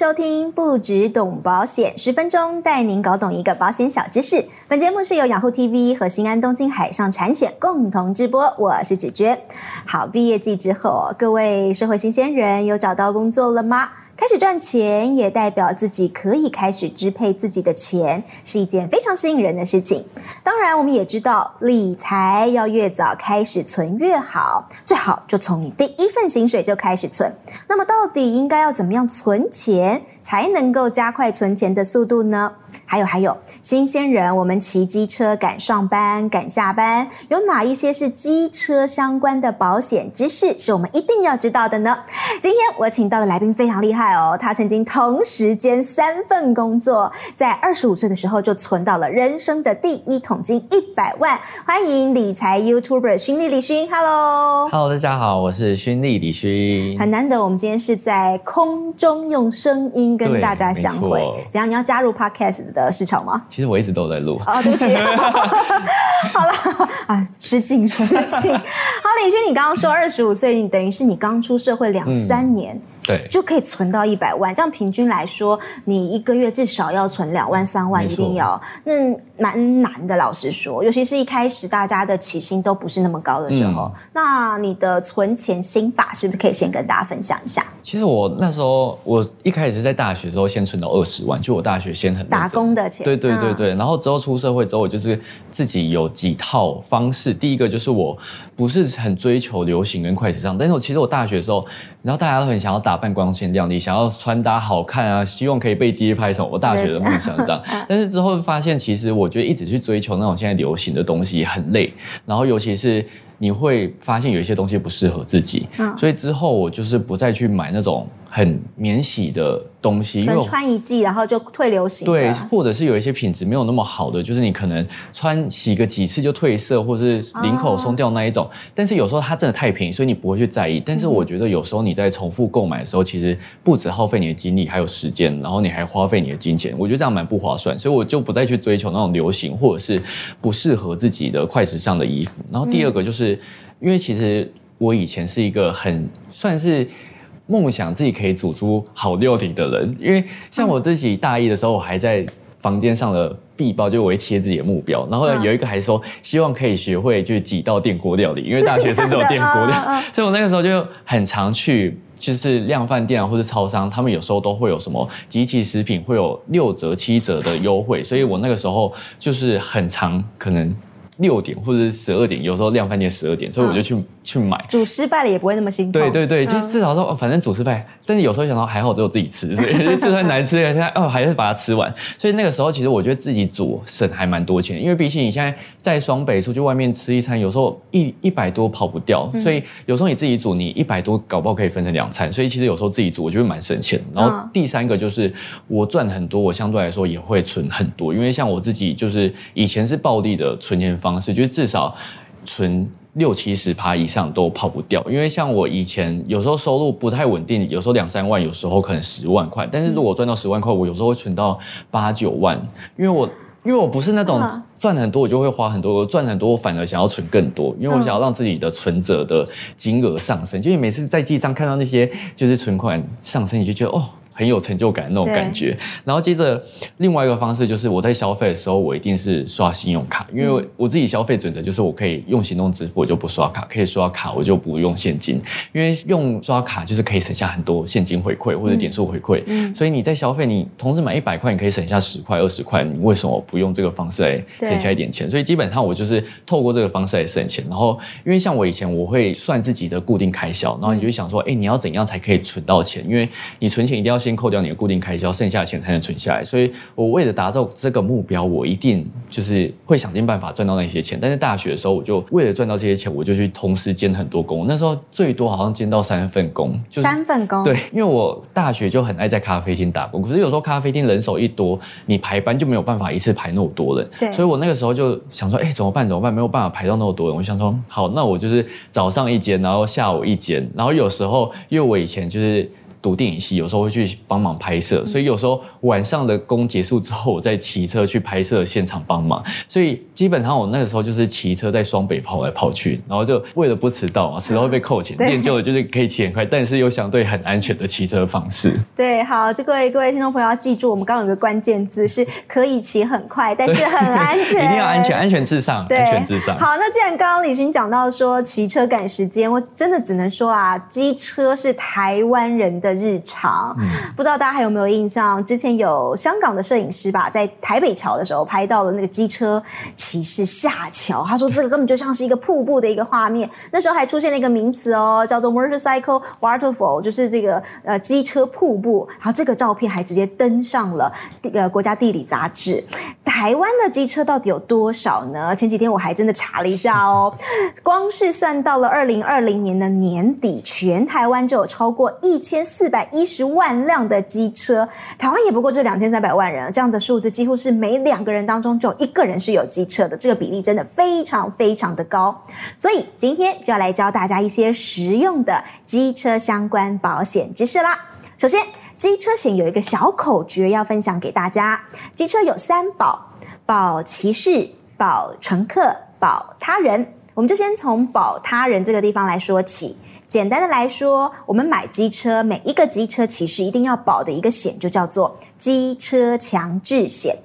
收聽不芷懂保險，十分鐘帶您搞懂一個保險小知識。本節目是由雅虎 TV 和新安東京海上產險共同直播，我是芷娟。好，畢業季之後，各位社會新鮮人有找到工作了嗎？開始賺錢，也代表自己可以開始支配自己的錢，是一件非常吸引人的事情。當然，我們也知道，理財要越早開始存越好，最好就從你第一份薪水就開始存。那麼，到底應該要怎麼樣存錢，才能夠加快存錢的速度呢？還有還有，新鮮人，我們騎機車趕上班、趕下班，有哪一些是機車相關的保險知識是我們一定要知道的呢？今天我請到的來賓非常厲害哦，他曾經同時兼三份工作，在二十五歲的時候就存到了人生的第一桶金一百萬。歡迎理財 YouTuber 勳麗李勳，Hello，Hello，大家好，我是勳麗李勳。很難得，我們今天是在空中用聲音跟大家相會。怎樣？你要加入 Podcast 的？的市場嗎？其實我一直都在錄。啊、哦，對不起。 好了，啊失敬失敬。好，李勛你剛剛說二十五歲，你等於是你剛出社會兩三、嗯、年，對，就可以存到一百萬。這樣平均來說，你一個月至少要存兩萬三萬，萬嗯、一定要。那蠻難的，老實說，尤其是一開始大家的起薪都不是那麼高的時候，嗯、那你的存錢心法是不是可以先跟大家分享一下？其實我那時候，我一開始是在大學的時候先存到二十萬，就我大學先很打工的錢，對對對對。嗯、然後之後出社會之後，我就是自己有幾套方式。第一個就是我不是很追求流行跟快時尚，但是我其實我大學的時候，然後大家都很想要打扮光鮮亮麗，想要穿搭好看啊，希望可以被街拍成我大學的夢想這樣。對 但是之後發現，其實我覺得一直去追求那種現在流行的東西很累，然後尤其是。你會發現有一些東西不適合自己，好所以之後我就是不再去買那種。很免洗的東西，能穿一季，然後就退流行。對，或者是有一些品質沒有那麼好的，就是你可能穿洗個幾次就褪色，或是領口鬆掉那一種。哦、但是有時候它真的太便宜，所以你不會去在意。但是我覺得有時候你在重複購買的時候，嗯、其實不只耗費你的精力，還有時間，然後你還花費你的金錢。我覺得這樣蠻不划算，所以我就不再去追求那種流行或者是不適合自己的快時尚的衣服。然後第二個就是、嗯、因為其實我以前是一個很算是。夢想自己可以煮出好料理的人，因為像我自己大一的時候，我還在房間上的壁報，就我會貼自己的目標。然後有一個還說希望可以學會就幾道電鍋料理，因為大學生都有電鍋料理的、啊，所以我那個時候就很常去就是量販店啊或是超商，他們有時候都會有什麼即期食品會有六折七折的優惠，所以我那個時候就是很常可能。六點或者十二點，有時候量販店十二點，所以我就去、嗯、去買。煮失敗了也不會那麼辛苦。對對對，嗯、就是至少說，反正煮失敗，但是有時候想到還好只有自己吃，所以 就算難吃也哦還是把它吃完。所以那個時候其實我覺得自己煮省還蠻多錢，因為比起你現在在雙北出去外面吃一餐，有時候一一百多跑不掉，嗯、所以有時候你自己煮，你一百多搞不好可以分成兩餐，所以其實有時候自己煮我覺得蠻省錢。然後第三個就是我賺很多，我相對來說也會存很多，因為像我自己就是以前是暴力的存錢方。方式就是至少存六七十趴以上都跑不掉。因為像我以前有時候收入不太穩定，有時候兩三萬，有時候可能十萬塊。但是如果賺到十萬塊，我有時候會存到八九萬，因為我因為我不是那種賺很多我就會花很多，我、嗯、賺很多我反而想要存更多，因為我想要讓自己的存折的金額上升。嗯、就你每次在記賬看到那些就是存款上升，你就覺得哦。很有成就感的那種感覺。然後接着另外一個方式就是，我在消費的時候，我一定是刷信用卡，因為我自己消費準則就是，我可以用行動支付，我就不刷卡；可以刷卡，我就不用現金。因為用刷卡就是可以省下很多現金回饋或者點數回饋。所以你在消費，你同時買一百塊，你可以省下十塊二十塊，你為什麼不用這個方式來省下一點錢？所以基本上我就是透過這個方式來省錢。然後因為像我以前我會算自己的固定開銷，然後你就想說，哎，你要怎樣才可以存到錢？因為你存錢一定要。先扣掉你的固定開銷，剩下的錢才能存下來。所以我為了達到這個目標，我一定就是會想盡辦法賺到那些錢。但是大學的時候，我就為了賺到這些錢，我就去同時兼很多工。那時候最多好像兼到三份工，就是、三份工。對，因為我大學就很愛在咖啡廳打工。可是有時候咖啡廳人手一多，你排班就沒有辦法一次排那麼多人。對所以我那個時候就想說，哎、欸，怎麼辦？怎麼辦？沒有辦法排到那麼多人。我想說，好，那我就是早上一間，然後下午一間。然後有時候，因為我以前就是。讀電影系，有時候會去幫忙拍攝，嗯、所以有時候晚上的工結束之後，我再騎車去拍攝現場幫忙。所以基本上我那個時候就是騎車在雙北跑來跑去，然後就為了不遲到嘛，遲到會被扣錢。嗯、練就的就是可以騎很快，但是又相對很安全的騎車方式。對，好，這各位各位聽眾朋友要記住，我們剛剛有一個關鍵字是可以騎很快， 但是很安全，對 一定要安全，安全至上，對安全至上。好，那既然剛剛李勛講到說騎車趕時間，我真的只能說啊，機車是台灣人的。日常，嗯、不知道大家還有沒有印象？之前有香港的攝影師吧，在台北橋的時候拍到了那個機車騎士下橋，他說這個根本就像是一個瀑布的一個畫面。那時候還出現了一個名詞哦，叫做 Motorcycle Waterfall，就是這個呃機車瀑布。然後這個照片還直接登上了地呃國家地理雜誌。台灣的機車到底有多少呢？前幾天我還真的查了一下哦，光是算到了二零二零年的年底，全台灣就有超過一千四百一十萬輛的機車。台灣也不過這兩千三百萬人，這樣的數字幾乎是每兩個人當中就有一個人是有機車的，這個比例真的非常非常的高。所以今天就要來教大家一些實用的機車相關保險知識啦。首先。機車險有一個小口訣要分享給大家：機車有三保，保騎士、保乘客、保他人。我們就先從保他人這個地方來說起。簡單的來說，我們買機車，每一個機車騎士一定要保的一個險，就叫做機車強制險。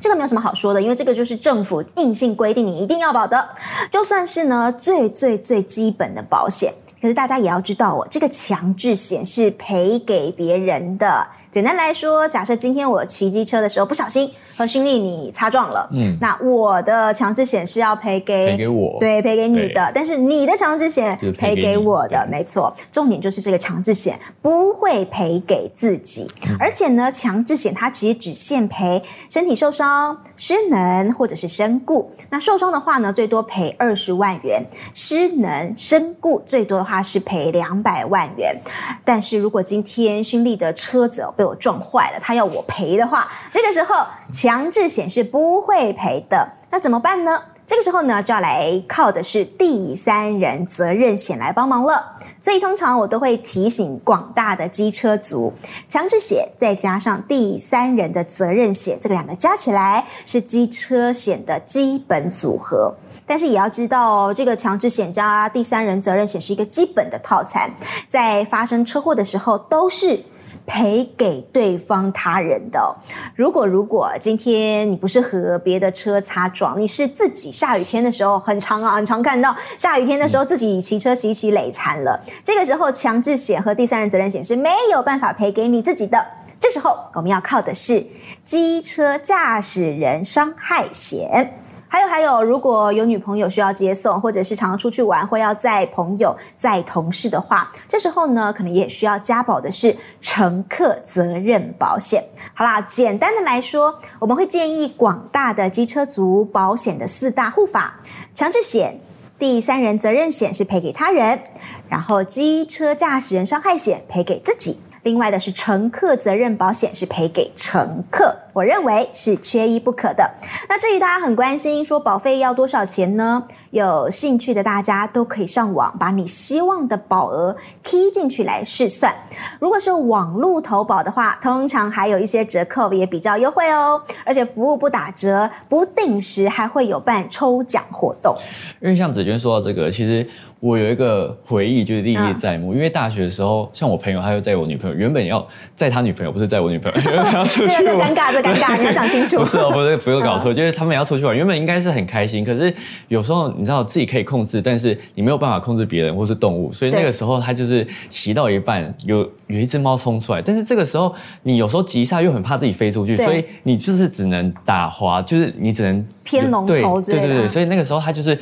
這個沒有什麼好說的，因為這個就是政府硬性規定你一定要保的，就算是呢最最最基本的保險。可是大家也要知道哦，這個強制險是賠給別人的。簡單來說，假設今天我騎機車的時候不小心和李勛你擦撞了，嗯，那我的強制險是要賠給賠給我，對，賠給你的，對但是你的強制險賠給我的，沒錯。重點就是這個強制險不會賠給自己，嗯，而且呢，強制險它其實只限賠身體受傷、失能或者是身故。那受傷的話呢，最多賠二十萬元，失能、身故最多的話是賠兩百萬元。但是如果今天李勛的車子、哦被我撞壞了，他要我賠的話，這個時候強制險是不會賠的。那怎麼辦呢？這個時候呢，就要來靠的是第三人責任險來幫忙了。所以通常我都會提醒廣大的機車族，強制險再加上第三人的責任險，這個兩個加起來是機車險的基本組合。但是也要知道哦，這個強制險加第三人責任險是一個基本的套餐，在發生車禍的時候都是。賠給對方他人的哦，如果如果今天你不是和別的車擦撞，你是自己下雨天的時候，很常啊，很常看到下雨天的時候自己騎車騎騎累殘了，這個時候強制險和第三人責任險是沒有辦法賠給你自己的，這時候我們要靠的是機車駕駛人傷害險。還有還有，如果有女朋友需要接送，或者是常常出去玩，或要載朋友、載同事的話，這時候呢，可能也需要加保的是乘客責任保險。好啦，簡單的來說，我們會建議廣大的機車族保險的四大護法：強制險、第三人責任險是賠給他人，然後機車駕駛人傷害險賠給自己。另外的是乘客責任保險，是賠給乘客。我認為是缺一不可的。那至於大家很關心，說保費要多少錢呢？有興趣的大家都可以上網，把你希望的保額 key 進去來試算。如果是網絡投保的話，通常還有一些折扣，也比較優惠哦。而且服務不打折，不定時還會有辦抽獎活動。因為像子娟說到這個，其實。我有一個回憶，就是歷歷在目。嗯、因為大學的時候，像我朋友，他又載我女朋友，原本要載他女朋友，不是載我女朋友，原本要出去玩。現在在尷尬着，尷尬，這尷尬 你要講清楚。不是哦、喔，不是，嗯、不要搞錯。就是他們要出去玩，原本應該是很開心。可是有時候你知道自己可以控制，但是你沒有辦法控制別人或是動物。所以那個時候他就是騎到一半，有有一隻貓衝出來。但是這個時候你有時候急剎又很怕自己飛出去，對所以你就是只能打滑，就是你只能偏龍頭之類的。對對對對，所以那個時候他就是。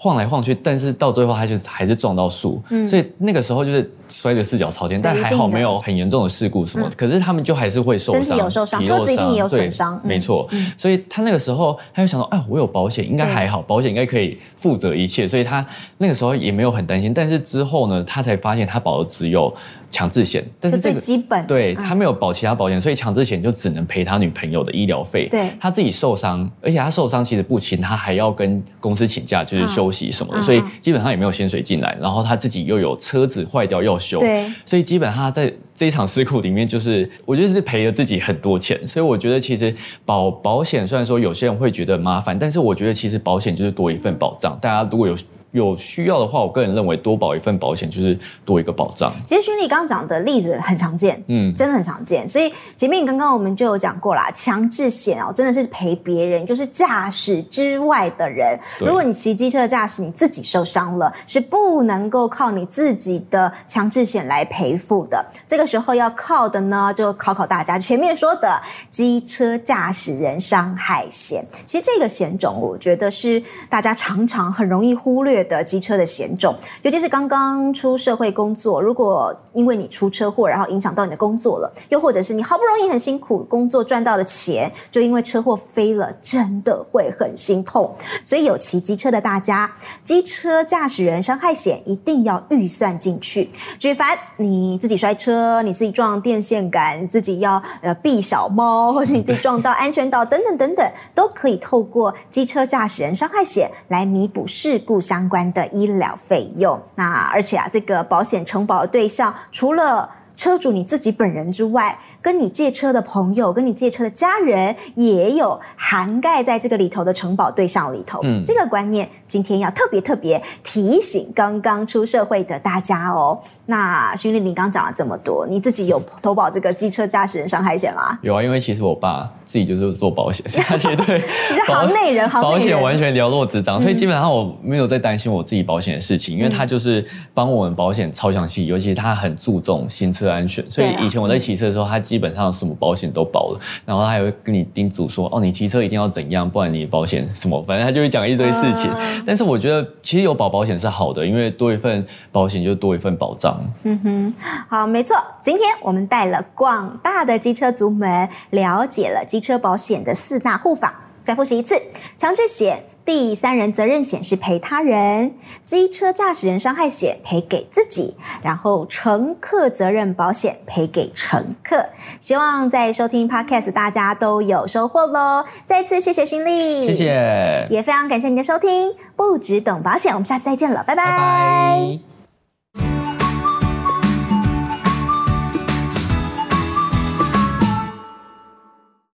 晃來晃去，但是到最後還是還是撞到樹，嗯，所以那個時候就是。摔的四腳朝天，但還好沒有很嚴重的事故什麼。可是他們就還是會受傷，車子一定也有損傷，沒錯。所以他那個時候他就想說，哎，我有保險應該還好，保險應該可以負責一切，所以他那個時候也沒有很擔心。但是之後呢，他才發現他保的只有強制險，但是最基本，對，他沒有保其他保險，所以強制險就只能賠他女朋友的醫療費。對，他自己受傷，而且他受傷其實不輕，他還要跟公司請假，就是休息什麼的，所以基本上也沒有薪水進來。然後他自己又有車子壞掉要。對，所以基本上在這場事故裡面，就是我覺得是賠了自己很多錢。所以我覺得其實保保險雖然說有些人會覺得麻煩，但是我覺得其實保險就是多一份保障。大家如果有。有需要的話，我個人認為多保一份保險就是多一個保障。其實勳你剛剛講的例子很常見，嗯，真的很常見。所以前面剛剛我們就有講過啦，強制險哦、喔、真的是賠別人，就是駕駛之外的人。對如果你騎機車駕駛，你自己受傷了，是不能夠靠你自己的強制險來賠付的。這個時候要靠的呢，就考考大家前面說的機車駕駛人傷害險。其實這個險種，我覺得是大家常常很容易忽略的機車的險種，尤其是剛剛出社會工作，如果因為你出車禍，然後影響到你的工作了，又或者是你好不容易很辛苦工作賺到了錢，就因為車禍飛了，真的會很心痛。所以有騎機車的大家，機車駕駛人傷害險一定要預算進去。舉凡你自己摔車、你自己撞電線杆、自己要呃避小貓，或者你自己撞到安全島等等等等，都可以透過機車駕駛人傷害險來彌補事故傷關的醫療費用，那而且啊，這個保險承保的對象除了車主你自己本人之外，跟你借車的朋友、跟你借車的家人也有涵蓋在這個裡頭的承保對象裡頭。嗯，這個觀念今天要特別特別提醒剛剛出社會的大家哦。那李勛你剛講了這麼多，你自己有投保這個機車駕駛人傷害險嗎？有啊，因為其實我爸。自己就是做保險，他絕 對 你是行內人，保險險 完全了若指掌。嗯、所以基本上我沒有在擔心我自己保險的事情，因為他就是幫我們保險超詳細，尤其他很注重行車安全，所以以前我在騎車的時候，他基本上什麼保險都保了，然後他也會跟你叮囑說，嗯、哦，你騎車一定要怎樣，不然你保險什麼分，反正他就會講一堆事情。嗯、但是我覺得其實有保保險是好的，因為多一份保險就多一份保障。嗯哼，好，沒錯，今天我們帶了廣大的機車族們了解了機。車保險的四大護法，再複習一次：強制險、第三人責任險是賠他人，機車駕駛人傷害險賠給自己，然後乘客責任保險賠給乘客。希望在收聽 Podcast 大家都有收穫嘍！再次謝謝勳力，謝謝，也非常感謝您的收聽。不芷懂保險，我們下次再見了，拜拜。Bye bye